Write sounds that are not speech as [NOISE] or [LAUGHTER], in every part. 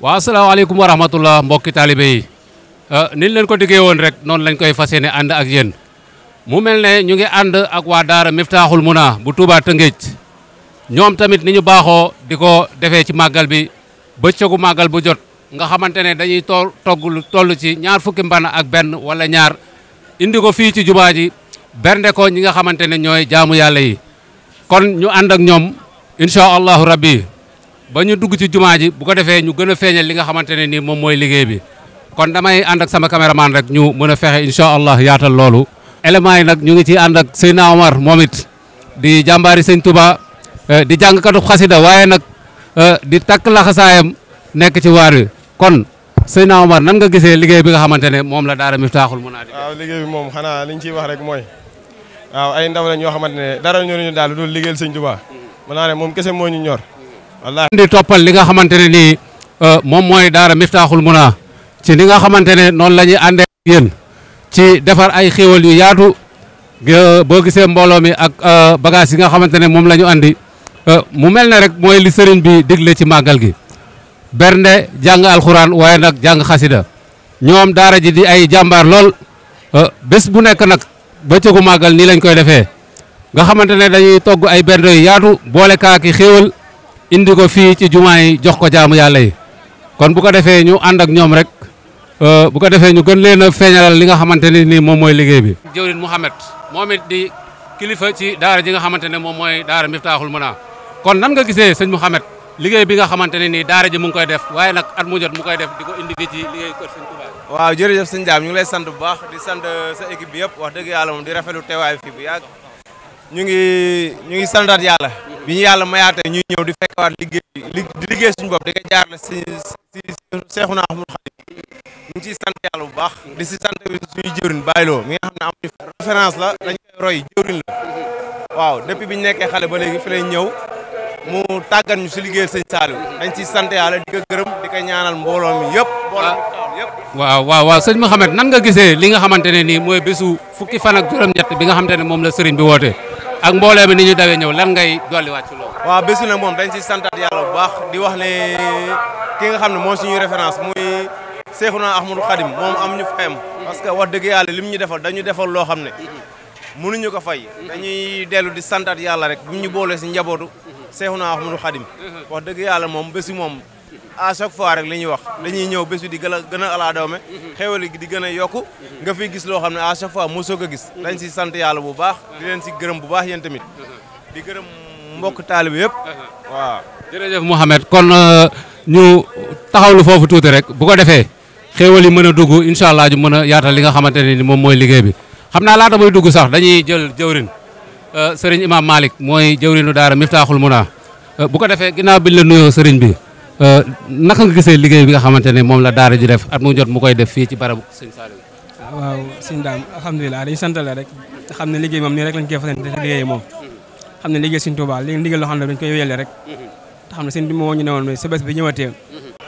waa asalaamaaleykum wa rahmatullah mbokki taalibe yi euh, niñ leen ko diggee woon rek noonu lañ koy fas yéene ànd ak yenn mu mel ne ñu ngi ànd ak waa daara Miftaaxul Muna bu Touba Tëngéej ñoom tamit ni ñu baaxoo di ko defee ci màggal bi bëccëgu màggal bu jot nga xamante ne dañuy tool togg toll ci ñaar fukki mban ak benn wala ñaar indi ko fii ci jumaa ji bernde ko ñi nga xamante ne ñooy jaamu yàlla yi kon ñu ànd ak ñoom incha allahu rabbi ba ñu dugg ci jumaa ji bu ko defee ñu gën a feeñal li nga xamante ne nii moom mooy liggéey bi kon damay ànd ak sama caméraman rek ñu mën a fexe incha allah yaatal loolu éléments yi nag ñu ngi ci ànd ak Seyna Omar moom it di jàmbaari sëñ tubaa eh, di jàngkatu xasida waaye nag eh, di takk laxasaayam nekk ci waar wi kon na Omar nan nga gisee liggéey bi nga xamante ne moom la daara Miftaaxul Munaadi waaw liggéey bi moom xanaa liñ ciy wax rek mooy waaw ay ndaw lañ xamante ne dara ñoruñu daal lu dul liggéeyal sëñ Touba mën moom kese moo ñu ñor wallaahi di toppal li nga xamante ne nii euh, moom mooy daara Miftaaxul naa ci li nga xamante ne noonu la ñuy àndee yéen ci defar ay xéewal yu yaatu boo gisee mbooloo mi ak euh, bagage yi nga xamante ne moom la andi euh, mu mel ne rek mooy li sëriñ bi digle ci màggal gi bernde jàng alxuraan waaye nag jàng daara ji di ay jàmbaar lool bés bu nekk nag bëccëgu màggal nii lañ koy defee boole kaaki xéewal indi ko fii ci jumaa yi jox ko jaamu yàlla yi kon bu ko defee ñu ànd ak ñoom rek euh, bu ko defee ñu gën leen a feeñalal li nga xamante ne nii moom mooy liggéey bi. jëwrin Mouhamed moom it di kilifa ci daara ji nga xamante ne moom mooy daara Miftaaxul Muna kon nan nga gisee sëñ Mouhamed liggéey bi nga xamante ne nii daara ji mu ngi koy def waaye nag at mu jot mu koy def di ko indi fii ci liggéey kër sëñ Touba. jaam ñu ngi lay sant bu baax di sant sa équipe bi yëpp wax dëgg yàlla moom di rafetlu teewaay fii bu ñu ngi ñu ngi santaat yàlla bi ñu yàlla mayaate ñuy ñëw di fekkawaat liggéey di liggéey suñu bopp di ka jaar la si si seexu naa xamul xarit ñu ngi siy sant yàlla bu baax di si sant suñu jëwriñ bàyyiloo mi xam ne am ñu la dañ roy jëwriñ la depuis bi ñu nekkee xale ba léegi fi lay ñëw mu tàggat ñu si liggéey sëñ Saliou dañ siy sant yàlla di ko gërëm di ko ñaanal mbooloo mi yëpp waaw waaw waaw sëñ Mouhamed nan nga gisee li nga xamante ne nii mooy bésu fukki fan ak juróom-ñett bi nga xamante ne moom la sëriñ bi wootee ak mboolee mi ni ñu dawee ñëw lan ngay dolliwaat ci loolu. waaw bésu nag moom dañ si santaat yàlla bu baax di wax ne ki nga xam ne moo suñuy référence muy Seexuna Ahmadou Khadim moom am ñu fayam parce que wax dëgg yàlla lim ñu defal dañu defal loo xam ne mënuñu ko fay dañuy dellu di santaat yàlla rek bu ñu boolee si njabootu Seexuna Ahmadou Khadim wax dëgg yàlla moom bésu moom à chaque fois rek li ñuy wax lañuy ñëw bés bi di gën a gën a alaa doome mhm. xéwal di gën a yokku mhm. nga fiy gis loo xam ne à chaque fois mosoo ko gis mhm. dañ si sant yàlla bu baax di leen si gërëm bu baax yéen tamit di gërëm mbokk taalibe yëpp waa jërëjëf Mouhamed kon euh, ñu taxawlu foofu tuuti rek bu ko defee xéwal yi mën a dugg incha allah ñu mën a yaatal li nga xamante ne ni moom mooy liggéey bi xam naa laata mooy dugg sax dañuy jël jëwrin euh, sëriñ Imam Malick mooy jëwrinu daara Miftaaxul Muna euh, bu ko defee ginnaaw biñ la nuyoo bi Euh, naka nga gisee liggéey bi nga xamante ne moom la daara ji def at mu jot mu koy def fii ci barabu sëñ Saliou waaw daam alhamdulilah dañu sant la rek xam ne liggéey moom nii rek lañ koy fasante liggéey moom xam sa bés bi ñëwatee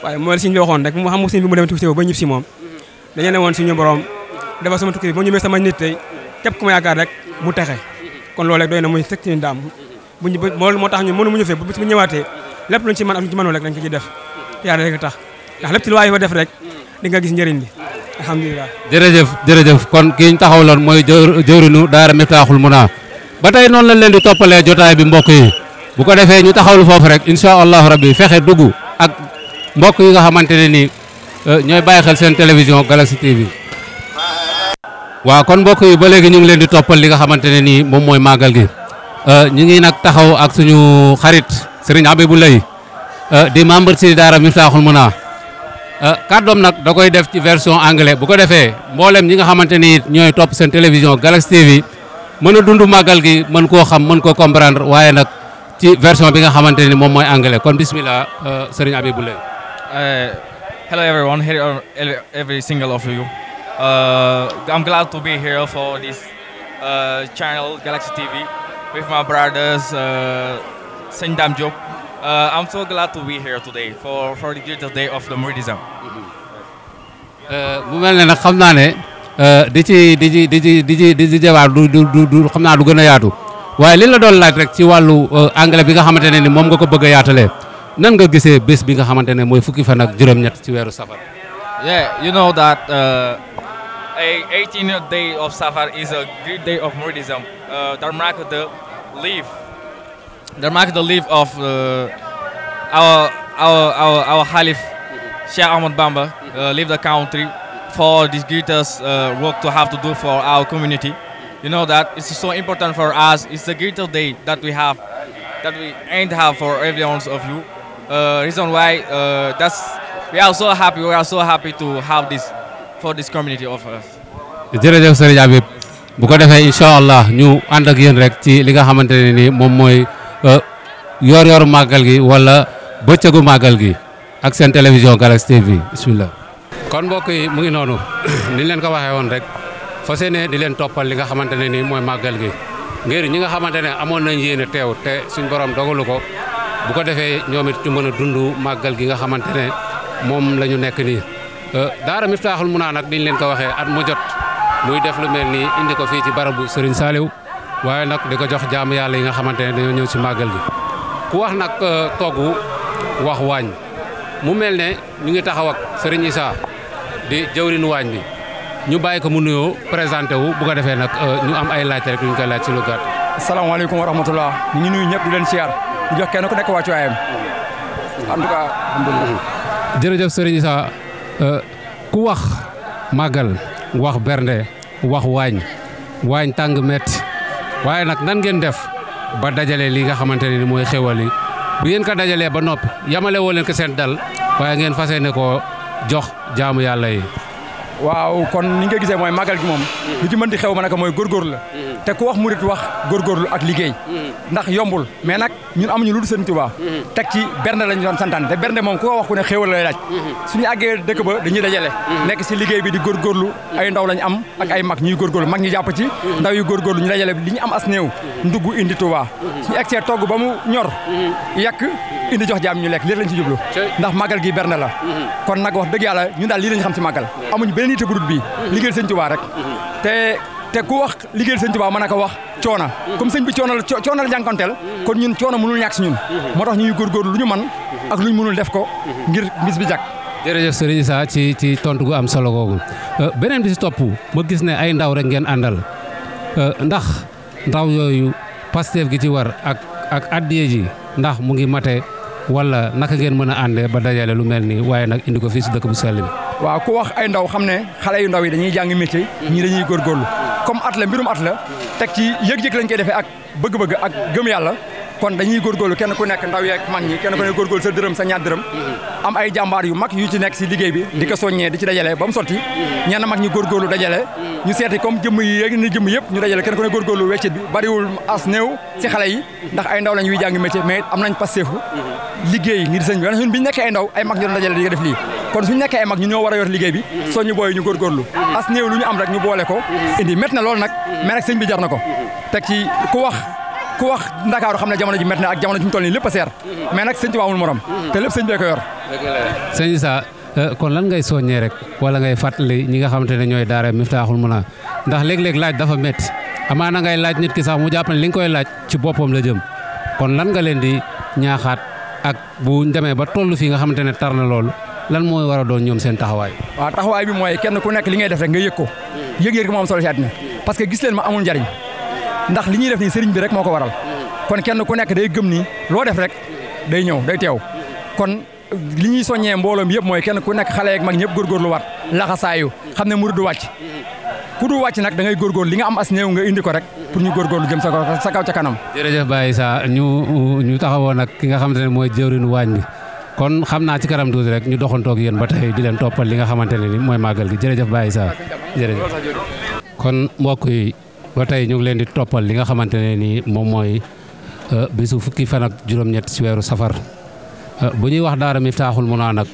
waaye mu xam sëñ bi mu dem tukki ba ñib si moom dañu ne ku ma yaakaar rek mu texe kon loolu rek doy na muy sëkk sëñ daam buñ mu ñu lepp luñ ci man ak luñ ci mënul rek dañ ko ci def yaa rek tax ndax lepp ci way waay def rek di nga gis njëriñ bi alhamdullilah jërëjëf jërëjëf kon kii ñu lon moy jëwrinu daara Miftaaxul Muna batay non lañ leen di topale jotaay bi mbokk yi bu ko defee ñu taxawlu foofu rek incha allahu rabbi fexe dugg ak mbokk yi nga xamantene ni ñoy euh, ñooy xel seen télévision Galaxy TV waaw kon mbokk yi ba léegi ñu ngi leen di toppal li nga xamantene ni nii moom mooy màggal gi euh, ñu ngi nag taxaw ak suñu xarit sëriñ Abiboulaye euh, di membre si daara Miftaahul Muna euh, kàddoom nag da koy def ci version anglais bu ko defee mboolem ñi nga xamante ni ñooy topp seen télévision Galaxy TV mën a dund màggal gi mën koo xam mën koo comprendre waaye nag ci version bi nga xamante ni moom mooy anglais kon bismillah euh, sëriñ Abiboulaye. hello everyone here are every Saint Dam Job. Uh, I'm so glad to be here today for, for the greatest day of the uh, mu mel ne nag xam naa ne uh, di ci di ci di ci di ci di ci jawaar du du du xam naa du gën a yaatu waaye li la doon laaj rek ci wàllu uh, anglais bi nga xamante ne ni moom nga ko bëgg yaatale yaatalee nan nga gisee bés bi nga xamante ne mooy fukki fan ak juróom-ñett ci weeru safar. yeah you know that a 18 day of safar is a great day of Mouridism that marks the leaf dat maakt de lief of uh, our, our, our, our Halif, Sheikh Ahmad Bamba, uh, leave the country for this greatest uh, work to have to do for our community. You know that it's so important for us. It's the greatest day that we have, that we ain't have for everyone of you. reason why that's we are so happy. We are so happy to have this for this community of us. jërëjëf Serigne Habib bu ko defee inshallah, ñu ànd ak yéen rek ci li nga ni Euh, yor-yoru màggal gi wala bëccëgu màggal gi ak seen télévision Galaxy TV bisimilah. kon mbokk yi mu ngi noonu [COUGHS] ni leen ko waxee woon rek fas yéene di leen toppal li nga xamante ne nii mooy màggal gi ngir ñi nga xamante ne amoon nañ yéene teew te suñ borom dogalu ko bu ko defee ñoom it ñu dund màggal gi nga xamante ne moom lañu nekk nii. Euh, daara Miftaaxul Munaa nag diñ leen ko waxee at mu jot muy def lu mel nii indi ko fii ci barabu Serigne Saliou. waaye nag di ko jox jaamu yàlla yi nga xamante ne dañoo ñëw ci màggal gi ku wax nag euh, togg wax waañ mu mel ne ñu ngi taxaw ak Serigne Issa di jëwriñ waañ bi ñu bàyyi ko mu nuyoo présenté wu bu ko defee nag euh, ñu am ay laajte rek ñu koy laaj ci lu gàtt. asalaamaaleykum wa rahmatulah ñu ngi leen siyaar ñu jox kenn ku nekk jërëjëf Serigne Issa euh, ku wax màggal wax bernde wax waañ waañ tàng metti waaye nag nan ngeen def ba dajale lii nga xamante ne ni mooy xéwal bu ngeen ko dajalee ba noppi yamale leen ko seen dal waaye ngeen fas yéene koo jox jaamu yàlla yi. waaw kon ni nga gisee mooy magal gi moom li ci mën di xew ma naka mooy góorgóorlu la mm-hmm. te ku wax murit wax góorgóorlu ak liggéey mm-hmm. ndax yombul mais nag ñun amuñu lu dul Sëriñ Tuubaa mm-hmm. teg ci bernde lañu doon santaan te bernde moom ku ko wax ku ne xéewal lay laaj suñu àggee dëkk ba dañuy dajale nekk si liggéey bi di góorgóorlu ay ndaw lañu am ak ay mag ñuy góorgóorlu mag ñi jàpp ci ndaw yu góorgóorlu ñu dajale li ñu am as néew ndugg indi Tuubaa suñu egsee togg ba mu ñor yàq indi jox jaam ñu lekk lii lañ ci jublu ndax magal gi bernde la kon nag wax dëgg yàlla ñun daal lii lañ xam si magal amuñu benn yitte bi dul bii liggéeyal rek te te ku wax liggéeyal seigne touba manaka wax ciona comme seigne bi coona ciona coona kon ñun coono mënul ñak si ñun ñuy gor gor luñu man ak luñu mënul def ko ngir bis bi jak dereje sëriñ Issa ci ci tontu gu am solo gogul euh, benen bi si topp ma gis ne ay ndaw rek ngeen andal euh, ndax ndaw yoyu Pastef gi ci war ak ak addiye ji ndax mu ngi maté wala naka ngeen mëna andé ba dajalé lu melni nii nak indi ko fi ci dëkk bu sell waaw ku wax ay ndaw xam ne xale yu ndaw yi dañuy jàng métier ñii dañuy góorlu comme at la mbirum at la teg ci yëg-yëg lañ koy defee ak bëgg-bëgg ak gëm yàlla kon dañuy góorgóorlu kenn ku nekk ndaw yeeg mag ñi kenn ku nekk góorgóorlu sa dërëm sa ñaar dërëm am ay jàmbaar yu mag yu ci nekk si liggéey bi di ko soññee di ci dajale ba mu sotti ñenn mag ñi góorgóorlu dajale ñu seeti comme jëmm yi yéegi ni jëmm yëpp ñu dajale kenn ku nekk góorgóorlu weccit bi bariwul as néew si xale yi ndax ay ndaw lañ yuy jàng métier mais am nañ passeefu liggéey ngir sëñ bi nekkee ay ndaw ay mag ñu doon dajale def lii kon suñu nekkee ay mag ñu ñoo war a liggéey bi soo ñu booy ñu góorgóorlu as néew lu ñu am rek ñu boole ko indi métti na loolu nag mais nag sëñ bi jar na ko teg ci ku wax ku wax ndakaaru xam na jamono ji met na ak jamono ji mu toll nii lépp a seer mais nag sëñ Tuubaa amul morom te lépp sëñ bee ko yor sëñ saa euh, kon lan ngay soññee rek wala ngay fàttali ñi nga xamante ne ñooy daara Miftaaxul Muna ndax léeg-léeg laaj dafa métti na ngay laaj nit ki sax mu jàpp li nga koy laaj ci boppam la jëm kon lan nga leen di ñaaxaat ak bu demee ba toll fii nga xamante ne tar na lool lan mooy wara a doon ñoom seen taxawaay. waa taxawaay bi mooy kenn ku nekk li ngay def rek nga yëg ko yëg-yëg ko moo am solo si parce que gis leen ma amul njariñ ndax li ñuy def nii sëriñ bi rek moo ko waral kon kenn ku nekk day gëm ni loo def rek day ñëw day teew kon li ñuy soññee mbooloom yëpp mooy kenn ku nekk xale yeeg mag ñëpp góorgóorlu wat laxasaayu xam ne murid du wàcc ku du wàcc nag dangay ngay góorgóorlu li nga am as néew nga indi ko rek pour ñu góorgóorlu jëm sa kaw ca kanam. jërëjëf Baye Issa ñu ñu taxawoon nag ki nga xamante ne mooy jëwriñu waañ bi kon xam naa ci kanam rek ñu doxantoog yéen ba tey di leen toppal li nga xamante ne ni mooy màggal gi jërëjëf Baye Issa jërëjëf kon mbokk yi ba tey ñu ngi leen di toppal li nga xamante ne ni moom mooy euh, bisu fukki fan ak juróom-ñett ci weeru safar euh, bu ñuy wax daara mi taaxul Miftaaxul Munaa nag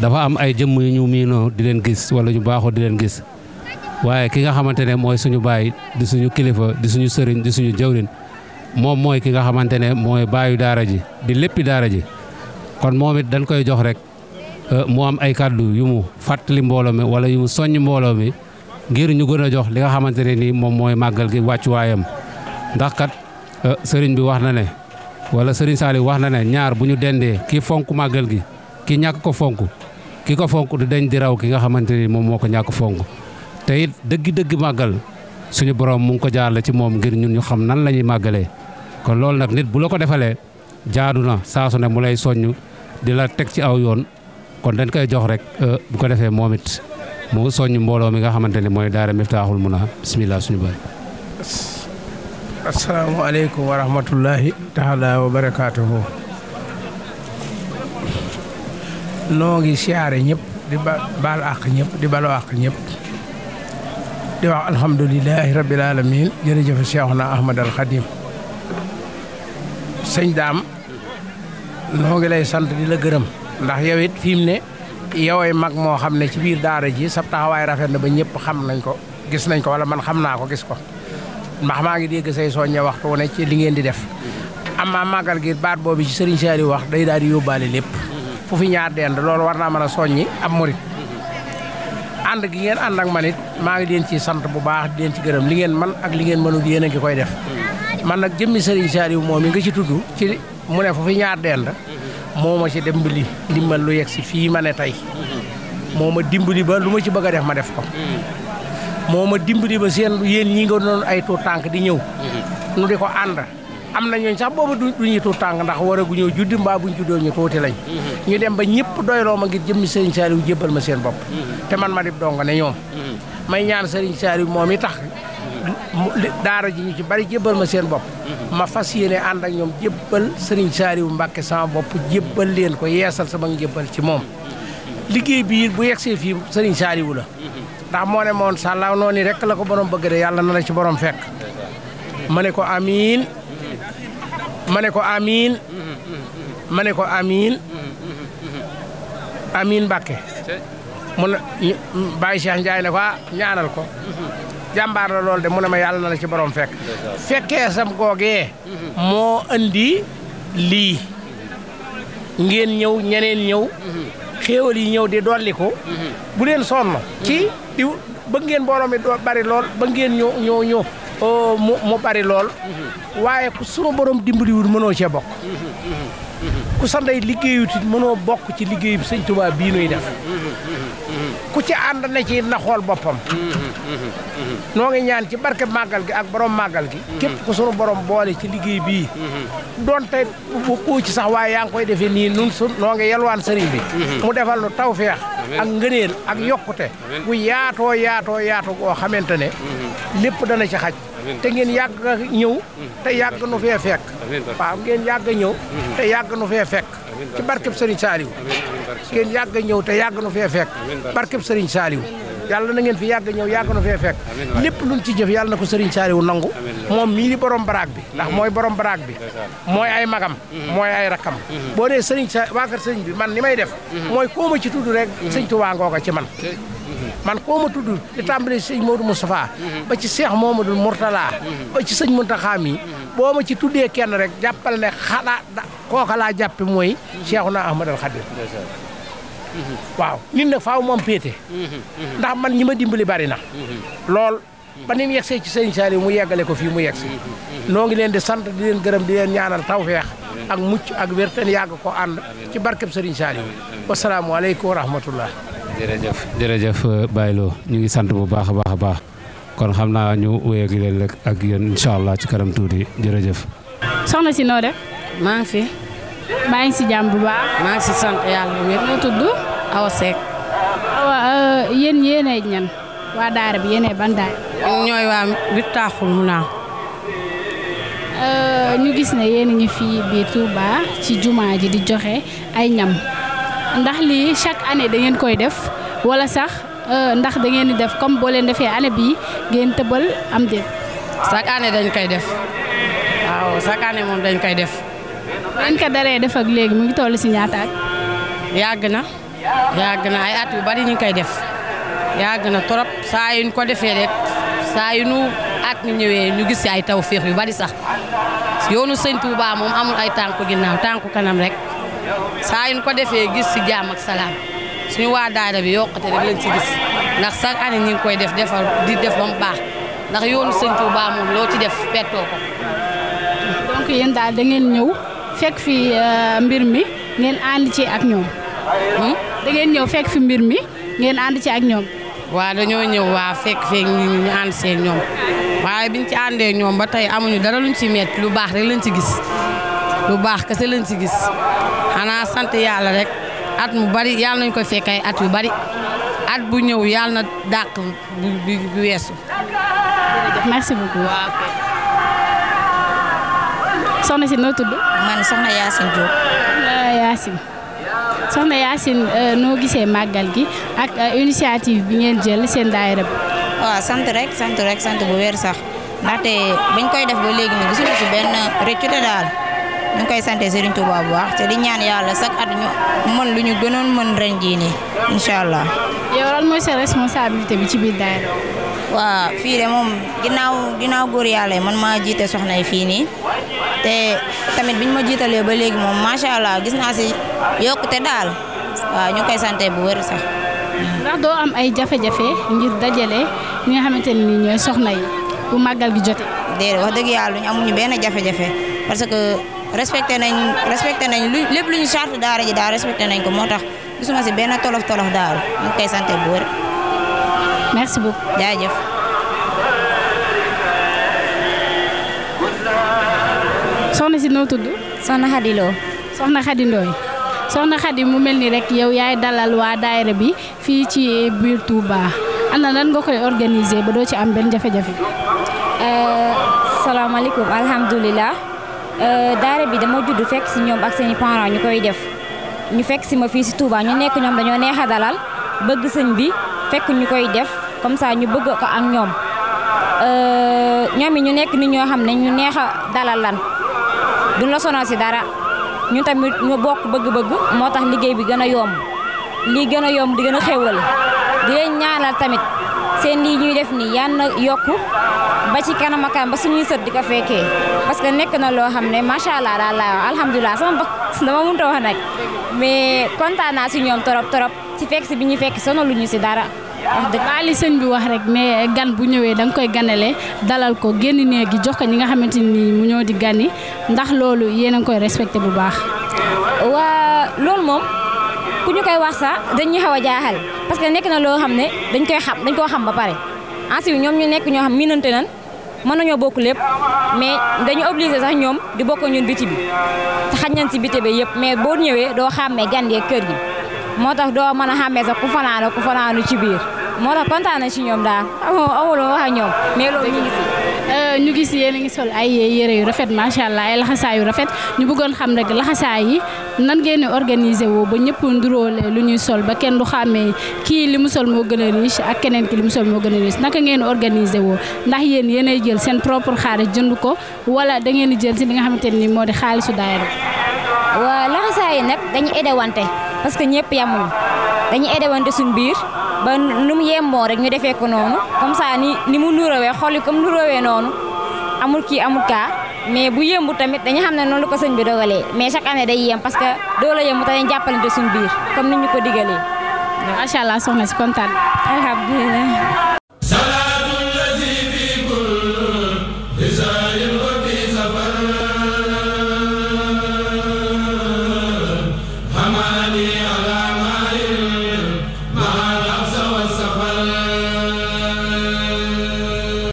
dafa am ay jëmm yu ñu miinoo di leen gis wala ñu baaxoo di leen gis waaye ki nga xamante ne mooy suñu baay di suñu kilifa di suñu sëriñ di suñu jawrin moom mooy ki nga xamante ne mooy baayu daara ji di léppi daara ji kon moom it dañ koy jox rek euh, moo am ay kàddu yu mu fàttali mbooloo mi wala yu mu soññ mbooloo mi ngir ñu gën a jox li nga xamante ne nii moom mooy màggal gi wàccuwaayam ndax kat euh, sëriñ bi wax na ne wala sëriñ Saliou wax na ne ñaar bu ñu dendee kii fonk màggal gi kii ñàkk ko fonk ki ko fonk du deñ di raw ki nga xamante ni moom moo ko ñàkk fonk te it dëgg-dëgg màggal suñu borom mu ko jaarle ci moom ngir ñun ñu xam nan la ñuy màggalee kon loolu nag jaadu na saa su ne mu lay soññ di la teg ci aw yoon kon dañ koy jox rek euh, bu ko defee moom it mu soññ mbooloo mi nga xamante ni mooy daara Miftaaxul Muna bisimilah suñu baay. asalaamaaleykum wa rahmatullahi taala wa barakaatuhu. ñëpp di ba baal àq ñëpp di baloo àq ñëpp. di wax alhamdulilahi rabbil alamin jërëjëf Cheikhuna Ahmad al Khadim sëñ daam noo ngi lay sant di la gërëm ndax yow it fi mu ne yoway mag moo xam ne ci biir daara ji sab taxawaay rafet na ba ñëpp xam nañ ko gis nañ ko wala man xam naa ko gis ko ndax maa ngi dégg say soññe waxtu wu ne ci li ngeen di def amaa màggal gi baat boobu ci sëriñ Saliou wax day daal di yóbbaale lépp mm-hmm. fu fi ñaar dend loolu war naa mën a soññi am murit mm-hmm. ànd gi ngeen ànd ak man maa ngi leen ci sant bu baax di ci gërëm li ngeen man ak li ngeen mënul yéen a ngi koy def mm-hmm. man nag mu ne foofu ñaar deel la moo ma ci dem bi li lu yegg si fii ma ne tey moo ma dimbali ba lu ma ci bëgg a def ma def ko moo ma dimbali ba seen yéen ñi nga doon ay tuut tànk di ñëw nu di ko ànd am na ñooñ sax booba du ñuy tuut tànk ndax war agu ñëw juddi mbaa buñ juddoo ñu tuuti lañ ñu dem ba ñëpp doyloo ma ngir jëmmi Serigne Saliou jébbal ma seen bopp te man ma di dong ne ñoom may ñaan Serigne Saliou moom i tax daara ji ñu ci bari jébbal ma seen bopp ma fas yéene ànd ak ñoom jébbal sëriñ Saaliwu Mbàkke sama bopp jébbal leen ko yeesal sama njébbal ci moom liggéey bi bu yegsee fii sëriñ Saaliwu la ndax moo ne moon sàllaaw noonu rek la ko borom bëgg de yàlla na la ci borom fekk ma ne ko amiin ma ne ko amiin ma ne ko amiin amiin Mbàkke mun Baye Cheikh Ndiaye ne ko ah, ñaanal ko jàmbaar la loolu de mu ne ma yàlla na ci borom fekk fekkee sam googee moo indi lii ngeen ñëw ñeneen ñëw xéewal yi ñëw di dolli ko bu leen sonn ci di bëgg ngeen borom mi bari lool ba ngeen ñoo ñoo ñoo oh, mu bari lool mhm. waaye ku sunu borom dimbaliwul mënoo cee bokk mhm. Mhm. ku sa ndey liggéeyut it mënoo bokk ci liggéeyu sëñ Tuubaa bii nuy def ku ci ànd na ci na xool boppam noo ngi ñaan ci barke màggal gi ak borom màggal gi képp ku sunu borom boole ci liggéey bii donte bu kuu ci sax waaye yaa ngi koy defee nii nun su noo ngi yalwaan sëriñ bi mu defal nu tawfeex ak ngëneel ak yokkute bu yaatoo yaatoo yaatoo koo xamante ne lépp dana ci xaj te ngeen yàgg a ñëw te yàgg nu fee fekk waaw ngeen yàgg a ñëw te yàgg nu fee fekk ci barkeb Serigne Saliou ngeen yàgg a ñëw te yàgg nu fee fekk barkeb Serigne Saliou yàlla na ngeen fi yàgg ñëw yàgg na fee fekk lépp luñ ci jëf yàlla na ko Serigne Saliou nangu moom mii di borom baraag bi ndax mm-hmm. mooy borom baraag bi mooy ay magam mm-hmm. mooy ay rakkam mm-hmm. boo nee Serigne sa waa kër Serigne bi man ni may def mooy koo ma ci tudd rek Serigne Touba ngooga ci man man ko ma tuddu di tambali seigne Modou mustapha mhm. ba ci Cheikh Momadou murtala mhm. ba ci seigne Mountakha mi mhm. boo ma ci tuddé kenn rek jappal jàppal ne xalaa kooka laa jàppe mooy Cheikhouna al Khadim waaw nit nag faaw mom pété ndax man ñima dimbali bari na lool ba nim yexé ci seigne salih mu yeggale ko fi mu yexé no ngi len di sante di len gërëm di len ñaanal tawfeex ak mucc ak wér yag ko and ci barkeb sëriñ Saliou wasalaamualeykum wa rahmatullah jërëjëf jërëjëf euh, Baylo ñu ngi sant bu baax a baax a baax kon xam naa ñu wéyeg leen rek ak yéen incha ci soxna si noo def. maa ngi fi. ngi si jàmm bu baax. maa ngi si sant yàlla bu wér. moo Awa Seck. Awa euh, yéen yéenay ñan waa daara bi yéenay ban daara. ñooy waa bi taaxul mu naaw. Euh, ñu gis ne yéen ngi fii biir Touba ci jumaa di joxe ay ñam. ndax lii chaque année da ngeen koy def wala sax euh, ndax da ngeen di def comme boo leen defee année bii ngeen tëbal am déet. chaque année dañ koy def waaw chaque moom dañ koy def. ngeen ko daree def ak léegi mu ngi toll si ñaata at. yàgg na yàgg na ay yu bari ñu koy def yàgg na trop saa yu ñu ko defee rek saa yu nu at mi ñëwee ñu gis si ay taw tawféex yu bari sax yoonu sëñ baa moom amul ay tànku ginnaaw tànku kanam rek. saa yi nu ko defee gis ci jaam ak salaam suñu waa daara bi yokkute rek lañ ci gis ndax sa année ñi ngi koy def defar di def ba mu baax ndax yoonu sëñ Tuubaa moom loo ci def pettoo ko. donc yéen daal da ñëw fekk fi euh, mbir mi ngeen ànd ci ak ñoom. Hmm? da ngeen ñëw fekk fi mbir mi ngeen ànd ci ak ñoom. waaw dañoo ñëw waa fekk fekk ñu ñu ànd ñoom waaye biñ ci àndee ñoom ba tey amuñu dara luñ ci metti lu baax rek lañ ci gis. bu baax kese lañ si gis xanaa sant yàlla rek at mu bari yàlla nañ koy fekkay at yu bari at bu ñëw yàlla na dàq bu bu weesu. soxna si noo tudd. man soxna Yacine Diop. soxna Yacine euh, noo gisee màggal gi ak euh, initiative bi ngeen jël seen daayira bi. waaw sant rek sant rek sant bu weer sax ndaxte bañ koy def ba léegi nii gisuñu si benn rëccute ñu koy santé serigne touba bu baax té di ñaan yalla sax at ñu mën lu ñu gënon mën ren ji ni inshallah yow lan moy sa responsabilité bi ci biir daayra wa fi dé mom ginaaw ginaaw goor yalla man ma jité soxnaay fi ni té tamit biñ ma jitalé ba légui mom ma sha Allah gis na ci yokute dal wa ñu koy santé bu wër sax ndax do am ay jafé jafé ngir dajalé ñi nga xamanteni ñoy soxnaay bu magal gi jotté dé wax deug yalla ñu amuñu bénn jafé jafé parce que respecté nañ respecté nañ lepp luñu charte daara ji da respecté nañ ko motax gisuma ci ben tolof tolof daal ñu koy santé bu wër. merci beaucoup jaajëf. soxna si noo tudd. soxna Khady Lo. soxna Khady Ndoye. soxna Khady mu melni rek yow yaay dalal wa daayira bi fi ci bir Touba ana lan nga koy organiser ba do ci am benn jafe-jafe. Euh, salaamaaleykum alhamdulilah. Euh, daare bi dama judd fekk si ñoom ak seen i ñu koy def ñu fekk si ma fii si Touba ñu nekk ñoom dañoo neex a dalal bëgg sëñ bi fekk ñu koy def comme ça ñu bëgg ko ak ñoom euh, ñoom it ñu nekk ni ñoo xam ne ñu neex a dalal lan duñ la sonal si dara ñu tamit ñu bokk bëgg-bëgg moo tax liggéey bi gën a yomb lii gën a yomb di gën a xéwal di leen ñaanal tamit seen lii ñuy def nii yànn na yokk ba ci kanam ak ba suñuy sët di ko fekkee parce que nekk na loo xam ne macha allah daal laa wax alhamdulilah sama mbokk [LAUGHS] dama mënut wax nag mais kontaan naa si ñoom torop torop si fekk si bi ñuy fekk sonalu ñu si dara. wax sëñ bi wax rek mais gan bu ñëwee danga koy ganale dalal ko génn néeg gi jox ko ñi nga xamante ni mu ñëw di gani ndax loolu yéen a ngi koy respecté bu baax. waa loolu moom. ku ñu koy wax sax dañuy xaw a jaaxal parce que nekk na loo xam ne dañ koy xam dañ koo xam ba pare ensuite ñoom ñu nekk ñoo xam miinante nan mën nañoo bokk lépp mais dañu obligé sax ñoom di bokk ñun biti bi te xaj nañ si biti bi yëpp mais boo ñëwee doo xàmmee gan yeeg kër gi moo tax doo mën a xàmmee sax ku fanaanu ku fanaanu ci biir moo tax kontaan na ñoom daal amuloo wax ak ñoom mais loolu ñu ngi si Euh, ñu gis yéen a ngi sol ay yére yu rafet macha allah ay laxasaay yu rafet ñu bëggoon xam rek laxasaay yi nan ngeen di organiser woo ba ñëpp nduróole lu ñuy sol ba kenn du xàmmee kii li mu sol moo gën a riche ak keneen ki li mu sol moo gën a riche naka ngeen organiser woo ndax yéen yéenay jël seen propre xaalis jënd ko wala da ngeen di jël si li nga xamante nii moo di xaalisu daayira. waa laxasaay yi nag dañuy aidé parce que ñëpp yemuñu dañuy aidewante suñ biir ba nu mu yemoo rek ñu defee ko noonu comme saa ni ni mu nuróowee xool yi comme nuróowee noonu amul kii amul kaa mais bu yëmbu tamit dañu xam ne noonu lu ko sëñ bi dogalee mais chaque année day yem parce que doo la yëmbu te dañu jàppalante suñ biir comme ni ñu ko digalee. macha allah soxna si kontaan alhamdulilah